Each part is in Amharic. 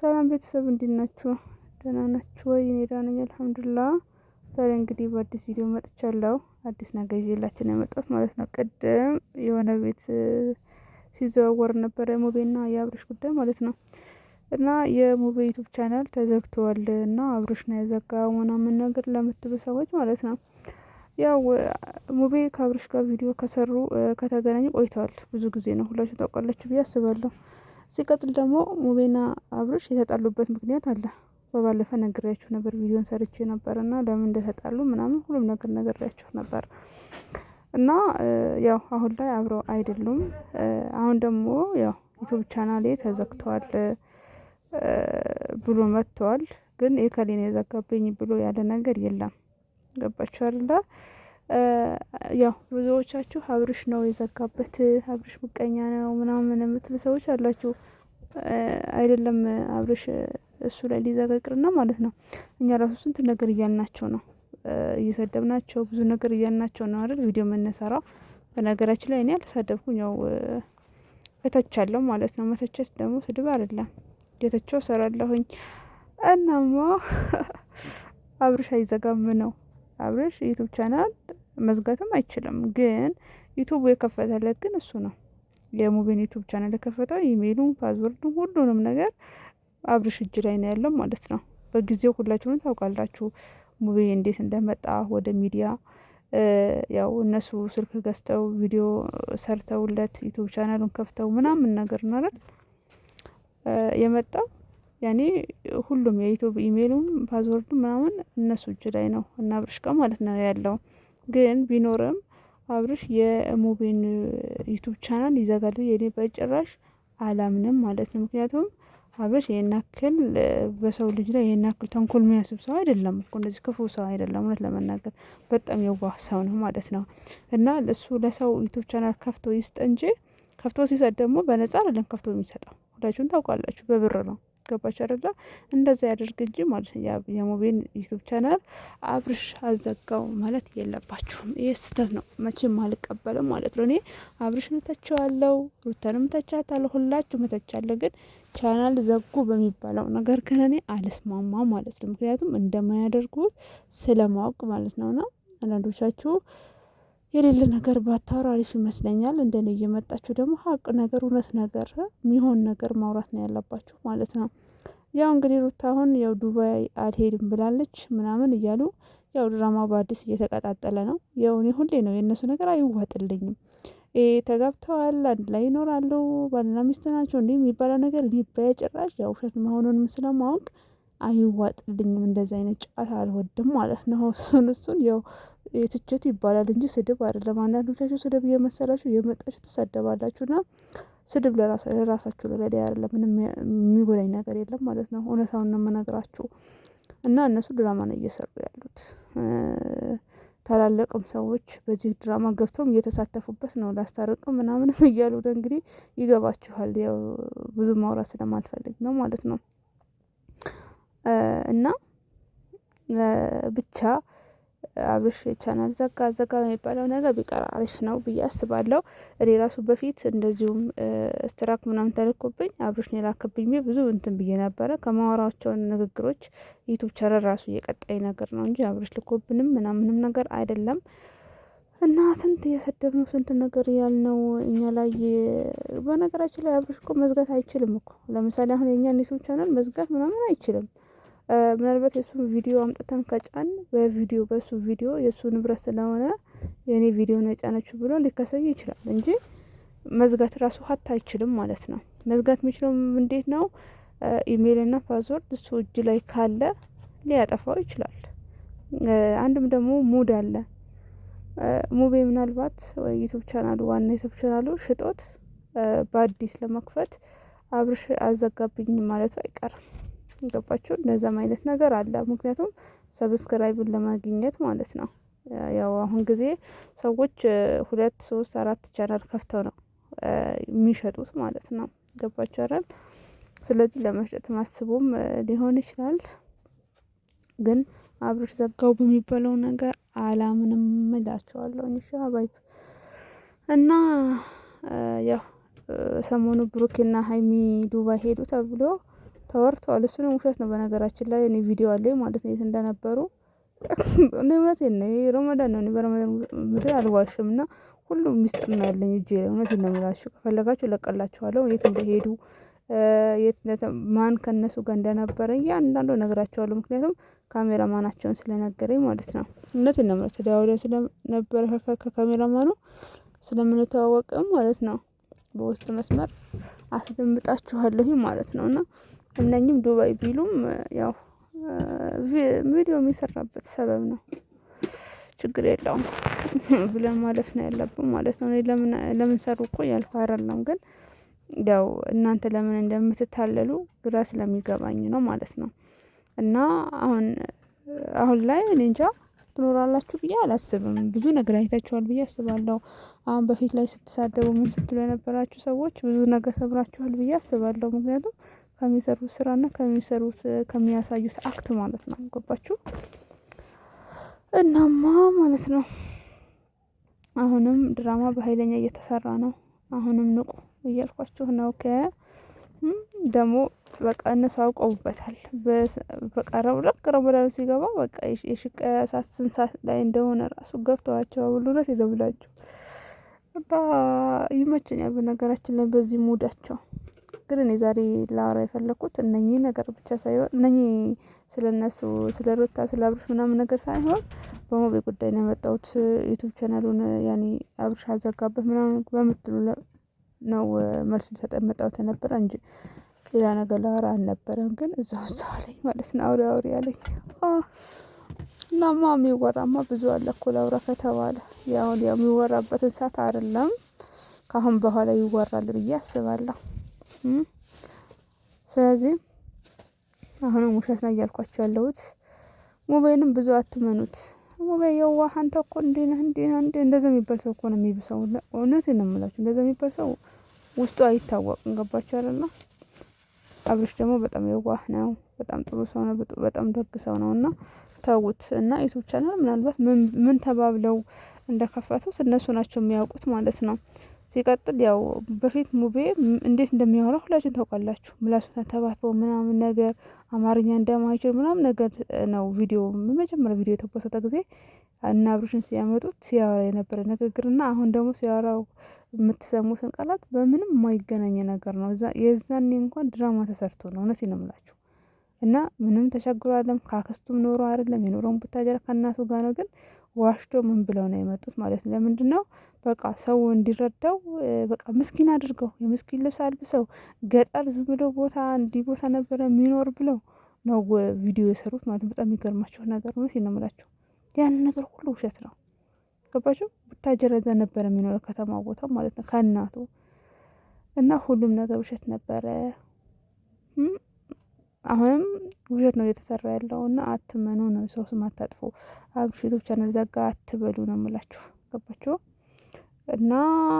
ሰላም ቤተሰብ እንዴት ናችሁ? ደህና ናችሁ ወይ? እኔ ደህና ነኝ አልሐምዱሊላህ። ዛሬ እንግዲህ በአዲስ ቪዲዮ መጥቻለሁ። አዲስ ነገር ይዤላችሁ ነው የመጣሁት ማለት ነው። ቅድም የሆነ ቤት ሲዘዋወር ነበረ ሙቤና የአብርሽ ጉዳይ ማለት ነው። እና የሙቤ ዩቱብ ቻናል ተዘግተዋል እና አብርሽ ነው ያዘጋው ምናምን ነገር ለምትሉ ሰዎች ማለት ነው ያው ሙቤ ከአብርሽ ጋር ቪዲዮ ከሰሩ ከተገናኙ ቆይተዋል። ብዙ ጊዜ ነው፣ ሁላችሁ ታውቃላችሁ ብዬ አስባለሁ። ሲቀጥል ደግሞ ሙቤና አብርሽ የተጣሉበት ምክንያት አለ። በባለፈ ነግሬያችሁ ነበር፣ ቪዲዮን ሰርቼ ነበር እና ለምን እንደተጣሉ ምናምን ሁሉም ነገር ነግሬያችሁ ነበር እና ያው አሁን ላይ አብረው አይደሉም። አሁን ደግሞ ያው ዩቱብ ቻናሌ ተዘግተዋል ብሎ መጥተዋል። ግን የከሌን የዘጋብኝ ብሎ ያለ ነገር የለም። ገባችሁ አይደለ? ያው ብዙዎቻችሁ አብርሽ ነው የዘጋበት፣ አብርሽ ምቀኛ ነው ምናምን የምትሉ ሰዎች አላችሁ። አይደለም አብርሽ እሱ ላይ ሊዘጋ ይቅርና ማለት ነው እኛ ራሱ ስንት ነገር እያልናቸው ነው፣ እየሰደብናቸው ብዙ ነገር እያልናቸው ነው አይደል? ቪዲዮ የምንሰራው በነገራችን ላይ እኔ አልተሳደብኩም፣ ያው እተቻለሁ ማለት ነው። መተቸት ደግሞ ስድብ አይደለም፣ የተቸው ሰራለሁኝ። እናማ አብርሽ አይዘጋም ነው አብርሽ ዩቱብ ቻናል መዝጋትም አይችልም። ግን ዩቱብ የከፈተለት ግን እሱ ነው። የሙቪን ዩቱብ ቻናል የከፈተው ኢሜሉን፣ ፓስወርዱን፣ ሁሉንም ነገር አብርሽ እጅ ላይ ነው ያለው ማለት ነው። በጊዜው ሁላችሁንም ታውቃላችሁ ሙቪ እንዴት እንደመጣ ወደ ሚዲያ ያው እነሱ ስልክ ገዝተው ቪዲዮ ሰርተውለት ዩቱብ ቻናሉን ከፍተው ምናምን ነገር ነረን የመጣው ያኔ ሁሉም የዩቱብ ኢሜይሉም ፓስወርዱ ምናምን እነሱ እጅ ላይ ነው እና አብርሽ ጋር ማለት ነው ያለው። ግን ቢኖርም አብርሽ የሙቤን ዩቱብ ቻናል ይዘጋሉ የኔ በጭራሽ አላምንም ማለት ነው። ምክንያቱም አብርሽ ይህን በሰው ልጅ ላይ ይህን ተንኮል የሚያስብ ሰው አይደለም እኮ እንደዚህ ክፉ ሰው አይደለም። እውነት ለመናገር በጣም የዋህ ሰው ነው ማለት ነው። እና እሱ ለሰው ዩቱብ ቻናል ከፍቶ ይስጥ እንጂ ከፍቶ ሲሰጥ ደግሞ በነጻ አይደለም ከፍቶ የሚሰጠው፣ ሁላችሁም ታውቃላችሁ፣ በብር ነው። ገባች አደለ? እንደዛ ያደርግ እንጂ ማለት የሙቤን ዩቱብ ቻናል አብርሽ አዘጋው ማለት የለባችሁም። ይህ ስህተት ነው፣ መቼም አልቀበልም ማለት ነው። እኔ አብርሽ መተቸዋለሁ፣ ሩታንም መተቻታለሁ፣ ሁላችሁ መተቻለሁ። ግን ቻናል ዘጉ በሚባለው ነገር ግን እኔ አልስማማ ማለት ነው። ምክንያቱም እንደማያደርጉት ስለማወቅ ማለት ነውና አንዳንዶቻችሁ የሌለ ነገር ባታወራ አሪፍ ይመስለኛል። እንደኔ እየመጣችሁ ደግሞ ሀቅ ነገር እውነት ነገር የሚሆን ነገር ማውራት ነው ያለባችሁ ማለት ነው። ያው እንግዲህ ሩታ አሁን ያው ዱባይ አልሄድም ብላለች ምናምን እያሉ ያው ድራማ በአዲስ እየተቀጣጠለ ነው። ያው እኔ ሁሌ ነው የእነሱ ነገር አይዋጥልኝም። ተጋብተዋል፣ አንድ ላይ ይኖራሉ፣ ባልና ሚስት ናቸው እንዲህ የሚባለው ነገር እኔ በጭራሽ ያው ውሸት መሆኑንም ስለማወቅ አይዋጥልኝም። እንደዚ አይነት ጨዋታ አልወድም ማለት ነው። እሱን እሱን ያው የትችት ይባላል እንጂ ስድብ አይደለም። አንዳንዶቻችሁ ስድብ እየመሰላችሁ የመጣችሁ ና ስድብ ለራሳችሁ ለበዳ አይደለም። ምንም የሚጎዳኝ ነገር የለም ማለት ነው። እውነታውን ነው የምነግራችሁ። እና እነሱ ድራማ ነው እየሰሩ ያሉት። ታላለቅም ሰዎች በዚህ ድራማ ገብተውም እየተሳተፉበት ነው። ላስታርቅም ምናምንም እያሉ እንግዲህ ይገባችኋል። ያው ብዙ ማውራት ስለማልፈልግ ነው ማለት ነው። እና ብቻ አብርሽ ቻናል ዘጋ ዘጋ የሚባለው ነገር ቢቀር አሪፍ ነው ብዬ አስባለሁ። እኔ ራሱ በፊት እንደዚሁም ስትራክ ምናምን ተልኮብኝ አብርሽ ነው የላከብኝ ብዙ እንትን ብዬ ነበረ። ከማወራቸውን ንግግሮች ዩቱብ ቻናል ራሱ እየቀጣይ ነገር ነው እንጂ አብርሽ ልኮብንም ምናምንም ነገር አይደለም። እና ስንት እየሰደብ ነው ስንት ነገር ያል ነው እኛ ላይ በነገራችን ላይ አብርሽ እኮ መዝጋት አይችልም እኮ ለምሳሌ አሁን የእኛን ዩቱብ ቻናል መዝጋት ምናምን አይችልም። ምናልባት የእሱን ቪዲዮ አምጥተን ከጫን በቪዲዮ በእሱ ቪዲዮ የእሱ ንብረት ስለሆነ የእኔ ቪዲዮ ነው የጫነችው ብሎ ሊከሰይ ይችላል እንጂ መዝጋት ራሱ ሀታ አይችልም ማለት ነው። መዝጋት የሚችለው እንዴት ነው? ኢሜይልና ፓስወርድ እሱ እጅ ላይ ካለ ሊያጠፋው ይችላል። አንድም ደግሞ ሙድ አለ። ሙቤ ምናልባት ወይ ዩቱብ ቻናሉ ዋና ዩቱብ ቻናሉ ሽጦት በአዲስ ለመክፈት አብርሽ አዘጋብኝ ማለቱ አይቀርም። ገባችሁ? እንደዛም አይነት ነገር አለ። ምክንያቱም ሰብስክራይብን ለማግኘት ማለት ነው። ያው አሁን ጊዜ ሰዎች ሁለት ሶስት አራት ቻናል ከፍተው ነው የሚሸጡት ማለት ነው። ገባችሁ አይደል? ስለዚህ ለመሸጥ ማስቡም ሊሆን ይችላል። ግን አብርሽ ዘጋው በሚባለው ነገር አላምንም እላቸዋለሁ። እሺ አባይ እና ያው ሰሞኑ ብሩኬና ሀይሚ ዱባይ ሄዱ ተብሎ ተወርተዋል። እሱንም ውሸት ነው በነገራችን ላይ እኔ ቪዲዮ አለ ማለት ነው የት እንደነበሩ እኔ እውነቴን ነው። ረመዳን ነው በረመዳን ምድር አልዋሽም እና ሁሉም ሚስጥር ነው ያለኝ እጄ ላይ። እውነቴን ነው የምላችሁ። ከፈለጋችሁ እለቀላችኋለሁ የት እንደሄዱ ማን ከነሱ ጋር እንደነበረ እያንዳንዱ እነግራቸዋለሁ። ምክንያቱም ካሜራ ማናቸውን ስለነገረኝ ማለት ነው። እውነቴን ነው የምላችሁ። ተደዋውለን ስለነበረ ከካሜራ ማኑ ስለምንተዋወቅም ማለት ነው በውስጥ መስመር አስደምጣችኋለሁ ማለት ነው እና እነኝም ዱባይ ቢሉም ያው ቪዲዮ የሚሰራበት ሰበብ ነው። ችግር የለውም ብለን ማለፍ ነው ያለብን ማለት ነው። ለምን ሰሩ እኮ ያልኩ አይደለም፣ ግን ያው እናንተ ለምን እንደምትታለሉ ግራ ስለሚገባኝ ነው ማለት ነው። እና አሁን አሁን ላይ እኔ እንጃ ትኖራላችሁ ብዬ አላስብም። ብዙ ነገር አይታችኋል ብዬ አስባለሁ። አሁን በፊት ላይ ስትሳደቡ ምን ስትሉ የነበራችሁ ሰዎች ብዙ ነገር ሰብራችኋል ብዬ አስባለሁ። ምክንያቱም ከሚሰሩት ስራና ከሚሰሩት ከሚያሳዩት አክት ማለት ነው። ገባችሁ? እናማ ማለት ነው አሁንም ድራማ በኃይለኛ እየተሰራ ነው። አሁንም ንቁ እያልኳችሁ ነው። ከ ደግሞ በቃ እነሱ አውቀውበታል። በቃ ረብረቅ ረመዳኑ ሲገባ በቃ የሽቀ ሰዓት ላይ እንደሆነ ራሱ ገብተዋቸው አብሉነት ይገብላችሁ። ይመቸኛል በነገራችን ላይ በዚህ ሙዳቸው ግን እኔ ዛሬ ላወራ የፈለኩት እነኚህ ነገር ብቻ ሳይሆን እነኚህ እነሱ ስለ ሩታ ስለ አብርሽ ምናምን ነገር ሳይሆን በሞቤ ጉዳይ ነው የመጣሁት። ዩቱብ ቻናሉን ያኔ አብርሽ አዘጋበት ምናምን በምትሉ ነው መልስ ልሰጥ የመጣሁት የነበረ እንጂ ሌላ ነገር ላወራ አልነበረም። ግን እዛው እዛው አለኝ ማለት ነው አውሪ አውሪ አለኝ። እናማ የሚወራማ ብዙ አለ እኮ ላውራ ከተባለ ያሁን የሚወራበትን ሰዓት አይደለም ከአሁን በኋላ ይወራል ብዬ አስባለሁ። ስለዚህ አሁንም ውሸት ነው እያልኳቸው ያለሁት። ሞባይልም ብዙ አትመኑት። ሞባይል የዋህ አንተ እኮ እንዲህ ነህ እንዲህ ነህ እንዲህ እንደዛ የሚባል ሰው እኮ ነው የሚብሰው። እውነት ነው የምላችሁ እንደዛ የሚባል ሰው ውስጡ አይታወቅም። ገባችሁ አይደል? አብርሽ ደግሞ በጣም የዋህ ነው። በጣም ጥሩ ሰው ነው። በጣም ደግ ሰው ነው እና ተዉት እና ዩቱብ ቻናል ምናልባት ምን ተባብለው እንደከፈቱት እነሱ ናቸው የሚያውቁት ማለት ነው። ሲቀጥል ያው በፊት ሙቤ እንዴት እንደሚያወራ ሁላችሁን ታውቃላችሁ። ምላሱ ተባትበው ምናምን ነገር አማርኛ እንደማይችል ምናምን ነገር ነው ቪዲዮ በመጀመሪያ ቪዲዮ የተፖሰተ ጊዜ እና አብሮሽን ሲያመጡት ሲያወራ የነበረ ንግግርና አሁን ደግሞ ሲያወራው የምትሰሙትን ቃላት በምንም የማይገናኝ ነገር ነው። የዛኔ እንኳን ድራማ ተሰርቶ ነው። እውነት ነው የምላችሁ እና ምንም ተቸግሮ አይደለም። ከአክስቱም ኖሮ አይደለም የኖረውን ቡታጀራ ከእናቱ ጋር ነው ግን ዋሽቶ ምን ብለው ነው የመጡት ማለት ነው። ለምንድን ነው በቃ ሰው እንዲረዳው በቃ ምስኪን አድርገው የምስኪን ልብስ አልብሰው ገጠር ዝም ብሎ ቦታ እንዲህ ቦታ ነበረ የሚኖር ብለው ነው ቪዲዮ የሰሩት ማለት ነው። በጣም የሚገርማቸው ነገር ነው የምላቸው። ያን ነገር ሁሉ ውሸት ነው። ገባችሁ? ቡታጀረዘ ነበረ የሚኖረው ከተማ ቦታ ማለት ነው ከእናቱ እና ሁሉም ነገር ውሸት ነበረ። አሁንም ውሸት ነው እየተሰራ ያለው እና አትመኑ ነው። ሰው ስም አታጥፉ። አብርሽ ዩቱብ ቻናል ዘጋ አትበሉ ነው የምላችሁ። ገባችሁ? እና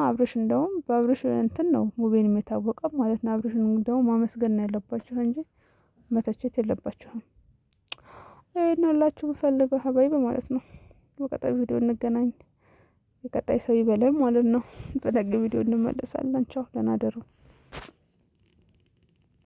አብርሽ እንደውም በአብርሽ እንትን ነው ሙቤን የሚታወቀ ማለት ነው። አብርሽን እንደውም ማመስገን ነው ያለባችሁ እንጂ መተቸት የለባችሁም። ይህን ሁላችሁ ሀባይ በማለት ነው። በቀጣይ ቪዲዮ እንገናኝ። የቀጣይ ሰው ይበለን ማለት ነው። በነገ ቪዲዮ እንመለሳለን። ቻው፣ ደህና ደሩ።